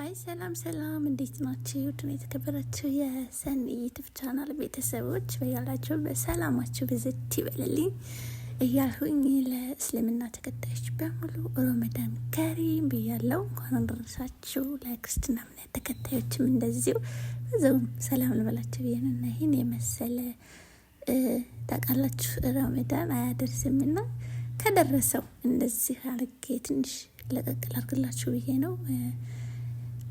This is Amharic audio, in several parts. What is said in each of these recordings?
አይ ሰላም ሰላም፣ እንዴት ናችሁ? ድን የተከበራችሁ የሰኒ ዩቱብ ቻናል ቤተሰቦች በያላችሁ በሰላማችሁ ብዝት ይበልልኝ እያልሁኝ ለእስልምና ተከታዮች በሙሉ ሮመዳን ከሪም ብያለው። እንኳን ደረሳችሁ። ለክርስትና እምነት ተከታዮችም እንደዚሁ እዚውም ሰላም ልበላችሁ። ይህንና ይህን የመሰለ ታውቃላችሁ አያደርስም አያደርስምና ከደረሰው እንደዚህ አርጌ ትንሽ ለቀቅል አርግላችሁ ብዬ ነው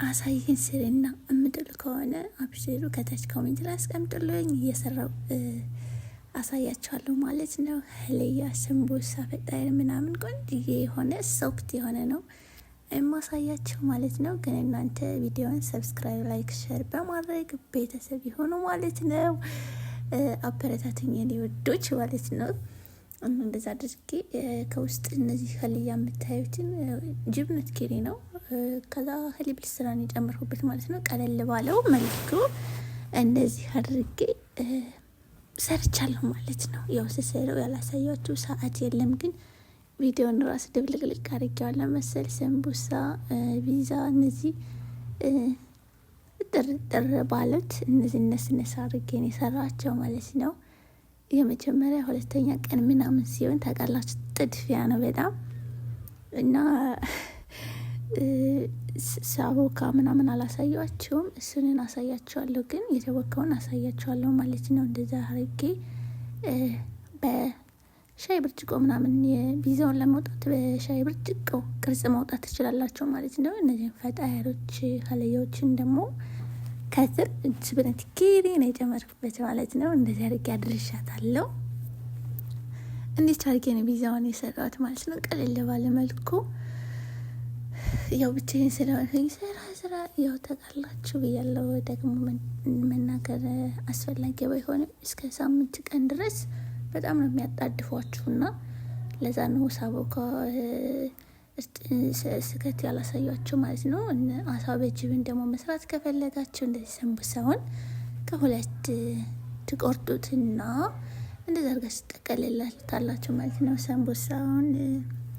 አሳይን ስልና የምጥል ከሆነ አብሽሩ ከታች ኮሜንት ላይ አስቀምጥልኝ እየሰራው አሳያችኋለሁ ማለት ነው። ህልያ ስንቡሳ ፈጣሪ ምናምን ቆንጆዬ የሆነ ሶፍት የሆነ ነው የማሳያቸው ማለት ነው። ግን እናንተ ቪዲዮን ሰብስክራይብ፣ ላይክ፣ ሸር በማድረግ ቤተሰብ የሆኑ ማለት ነው አበረታትኝ የኔ ወዶች ማለት ነው። እንደዛ አድርጌ ከውስጥ እነዚህ ህልያ የምታዩትን ጅብ ነትኬሪ ነው ከዛ ህሊብ ነው የጨመርኩበት ማለት ነው። ቀለል ባለው መልኩ እንደዚህ አድርጌ ሰርቻለሁ ማለት ነው። ያው ስሰረው ያላሳያችሁ ሰዓት የለም ግን ቪዲዮን ራስ ድብልቅልቅ አድርጌዋለሁ መሰል ሰንቡሳ፣ ቪዛ እነዚህ ጥርጥር ባሉት እነዚህ ነስነስ አድርጌን የሰራቸው ማለት ነው። የመጀመሪያ ሁለተኛ ቀን ምናምን ሲሆን ታውቃላችሁ፣ ጥድፊያ ነው በጣም እና ሳቦካ ምናምን አላሳያቸውም። እሱንን አሳያቸዋለሁ፣ ግን የተወካውን አሳያቸዋለሁ ማለት ነው። እንደዛ አርጌ በሻይ ብርጭቆ ምናምን ቢዛውን ለመውጣት በሻይ ብርጭቆ ቅርጽ መውጣት ትችላላቸው ማለት ነው። እነዚህን ፈጣሪዎች ከለያዎችን ደግሞ ከስር ስብነት ኬሪ ነው የጨመርኩበት ማለት ነው። እንደዚህ አርጌ አድርሻታለሁ። እንዴት አርጌ ነው ቢዛውን የሰራሁት ማለት ነው። ቀለል ባለ መልኩ ያው ብቻዬን ስለሆንኩኝ ስራ ስራ ያው ታውቃላችሁ ብያለው። ደግሞ መናገር አስፈላጊ ባይሆንም እስከ ሳምንት ቀን ድረስ በጣም ነው የሚያጣድፏችሁና ለዛ ነው ሳበው ስከት ያላሳያችሁ ማለት ነው። አሳ በጅብን ደግሞ መስራት ከፈለጋችሁ እንደዚህ ሰንቡሳውን ከሁለት ትቆርጡትና እንደዛ አርጋ ስጠቀልላታላችሁ ማለት ነው። ሰንቡሳውን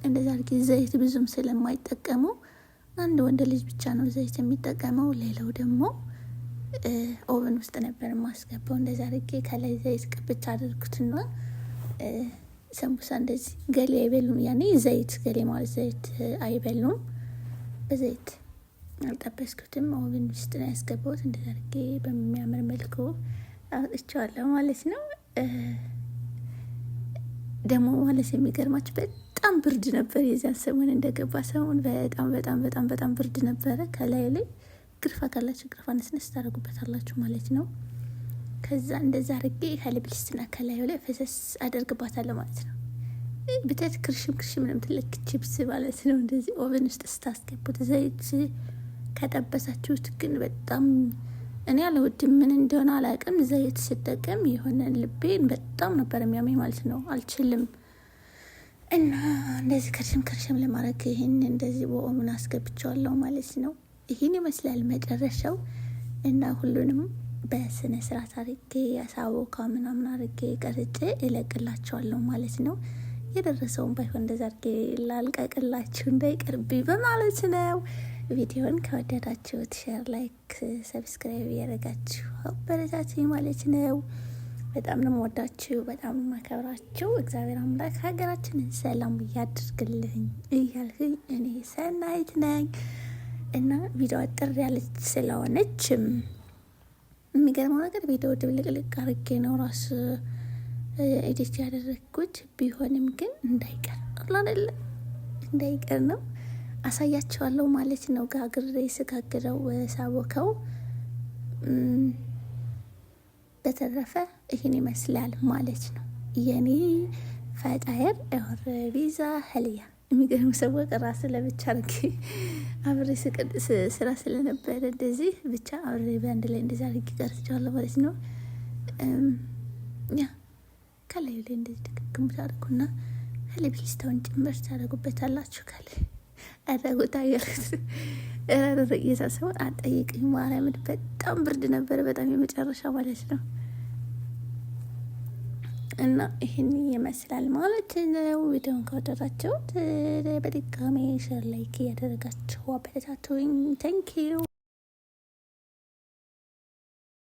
እንደዛ አርጊ ዘይት ብዙም ስለማይጠቀሙ አንድ ወንድ ልጅ ብቻ ነው ዘይት የሚጠቀመው። ሌላው ደግሞ ኦቨን ውስጥ ነበር የማስገባው። እንደዚ አድርጌ ከላይ ዘይት ቅብቻ አድርጉትና ሰንቡሳ እንደዚህ ገሌ አይበሉም። ያኔ ዘይት ገሌ ማለት ዘይት አይበሉም። በዘይት አልጠበስኩትም። ኦቨን ውስጥ ነው ያስገባሁት። እንደዚ አድርጌ በሚያምር መልኩ አውጥቼዋለሁ ማለት ነው። ደግሞ ማለት የሚገርማችሁ በጣም ብርድ ነበር። የዚያን ሰሞን እንደገባ ሰሞን በጣም በጣም በጣም በጣም ብርድ ነበረ። ከላይ ላይ ግርፋ ካላችሁ ግርፋ ነስነስ ታደርጉበታላችሁ ማለት ነው። ከዛ እንደዛ አድርጌ ከልብልስትና ከላዩ ላይ ፈሰስ አደርግባታለሁ ማለት ነው። ብተት ክርሽም ክርሽም ነው የምትለክ ቺፕስ ማለት ነው። እንደዚህ ኦቨን ውስጥ ስታስገቡት ዘይት ከጠበሳችሁት ግን በጣም እኔ አልወድም። ምን እንደሆነ አላውቅም። ዘይት ስጠቀም የሆነ ልቤን በጣም ነበር የሚያመኝ ማለት ነው። አልችልም እና እንደዚህ ከርሽም ከርሽም ለማድረግ ይህን እንደዚህ በኦምን አስገብቸዋለሁ ማለት ነው። ይህን ይመስላል መጨረሻው እና ሁሉንም በስነ ስርዓት አርጌ ያሳወካ ምናምን አርጌ ቀርጬ እለቅላቸዋለሁ ማለት ነው። የደረሰውን ባይሆን እንደዛ አርጌ ላልቀቅላችሁ እንዳይቀርብ በማለት ነው። ቪዲዮን ከወደዳችሁት ሼር፣ ላይክ፣ ሰብስክራይብ እያደረጋችሁ አበረታችኝ ማለት ነው። በጣም ነው የምወዳችሁ፣ በጣም ነው የማከብራችሁ። እግዚአብሔር አምላክ ሀገራችንን ሰላም እያድርግልኝ እያልኩኝ እኔ ሰናይት ነኝ እና ቪዲዮ አጠር ያለች ስለሆነች የሚገርመው ነገር ቪዲዮ ድብልቅልቅ አርጌ ነው ራስ ኤዲት ያደረግኩት። ቢሆንም ግን እንዳይቀር አላደለ እንዳይቀር ነው አሳያቸዋለሁ ማለት ነው። ጋግሬ ስጋግረው ሳቦከው በተረፈ ይህን ይመስላል ማለት ነው። የኔ ፈጣየር ኦር ቪዛ ህልያ የሚገርም ሰወቅ ራስ ለብቻ አርጌ አብሬ ስራ ስለነበረ እንደዚህ ብቻ አብሬ በአንድ ላይ እንደዚህ አርጌ ቀርቻለሁ ማለት ነው። ያ ከላዩ ላይ እንደዚህ ድግግም ታደርጉና ህልብ ሂስታውን ጭምር ታደርጉበታላችሁ ከላይ አዳጎታ ያለት እየሳሰበን አጠይቅኝ ማርያምን በጣም ብርድ ነበረ። በጣም የመጨረሻ ማለት ነው። እና ይህን ይመስላል ማለት ነው። ቪዲዮን ከወደዳችሁት በድጋሚ ሸር ላይክ እያደረጋችሁ አበረታችሁኝ። ተንኪዩ